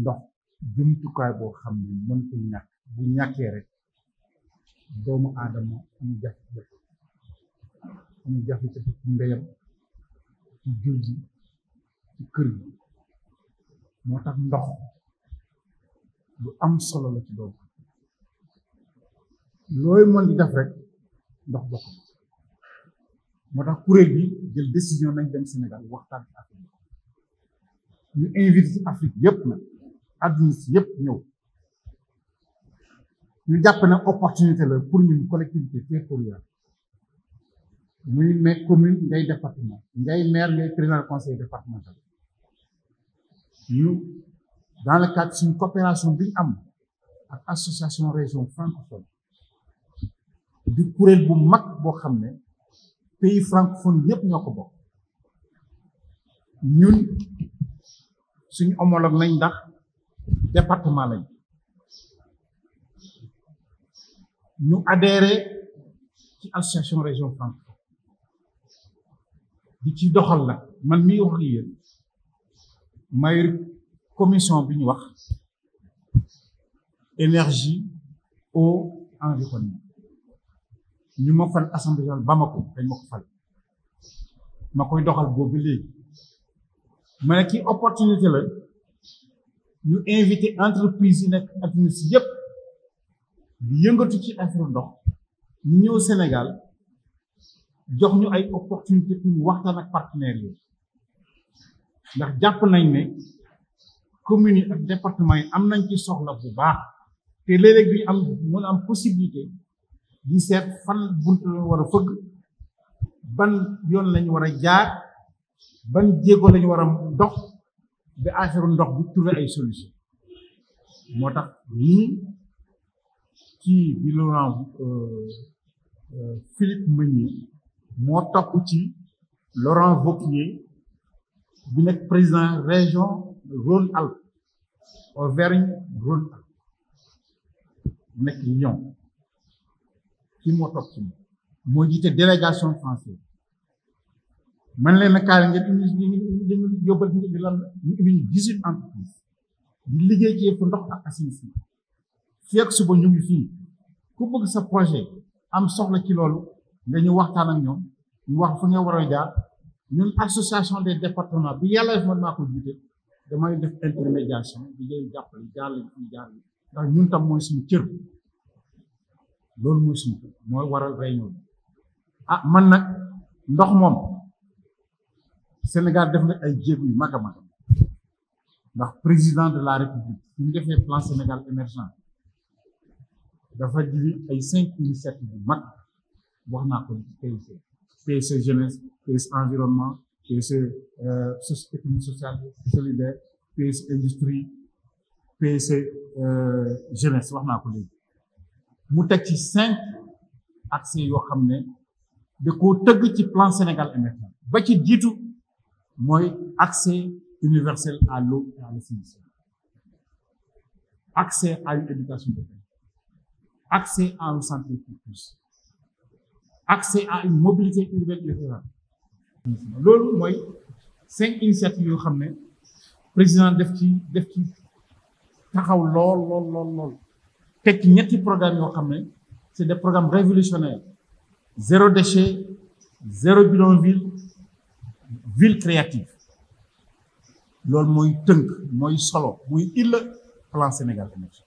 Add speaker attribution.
Speaker 1: ndox jumtukaay boo xam ne mënta ñàkk bu ñàkkee rek doomu aadama am jafe-jafe am jafe moo tax ndox lu am solo la ci rek ndox bokk moo tax kuréel bi jël décision nañ dem Sénégal waxtaan ci Afrique ñu invité Afrique yépp nag Nous yep, une ñu une opportunité pour nous, collectivité territoriale muy mais commune ngay département ngay maire ngay président conseil départemental Nous, dans le cadre d'une coopération avec l'Association am association région francophone du kuréel bu mag boo xam pays francophone Nous, ñoo nous bokk ñun suñu homologue département nous ñu à ci association région francophone di ci doxal la man commission bi énergie eau environnement ñu ma fal assemblée Bamako dañ ma koy doxal opportunité la ñu invité entreprise yi nekk adduna si yëpp di yëngatu ci affaire ndox ñu ñëw Sénégal jox ñu ay opportunité pour ñu waxtaan ak partenaires yi ndax jàpp nañ ne commune ak département yi am nañ ci soxla bu baax te léeg-léeg duñu am mën am possibilité di seet fan bunt la war a fëgg ban yoon lañ war a jaar ban jéego lañ war a dox bi affaire ndox bi trouver ay solution moo tax nii kii bi Laurent euh, euh, Philippe Meunier moo topp ci Laurent Wauquiez bi nekk président région Rhône-Alpes Auvergne-Rhône-Alpes nekk Lyon kii moo topp ci moo jiite délégation française man leen na kaari ngeen indi yóbbal fi di lan ñu ubbi ñu dix huit entreprise di liggéey ci yëpp ndox ak assainissement fii ak suba ñu ngi fii ku bëgg sa projet am soxla ci loolu nga ñu waxtaan ak ñoom ñu wax fu nga war a jaar ñun association des départements bi yàlla def man maa ko jiite damay def intermédiation di leen jàppale jaar leen fii jaar leen ndax ñun tam mooy suñu cër loolu mooy suñu cër mooy waral réunion ah man nag ndox moom. Le Sénégal a fait des choses. Le président de la République a fait plan Sénégal émergent. Il a fait 5 initiatives. Je ne sais pas PSE jeunesse, PSE environnement, PS e, euh, économie euh, sociale solidaire, PS e industrie, PS e, euh, jeunesse. Je ne sais pas ce que c'est. Il a 5 actions de côté plan Sénégal émergent. Il a fait 10 actions mooy accès universel à l'eau et à l'assainissement accès à une éducation de qualité accès à une santé pour tous accès à une mobilité urbaine et rurale cinq initiatives yoo xam président def ci def ci taxaw lool lool lool lool teg ci ñetti programme yo xamné c'est des programmes révolutionnaires zéro déchet zéro bidonville ville créative loolu mooy tënk mooy solo muy illa plan Sénégal émergent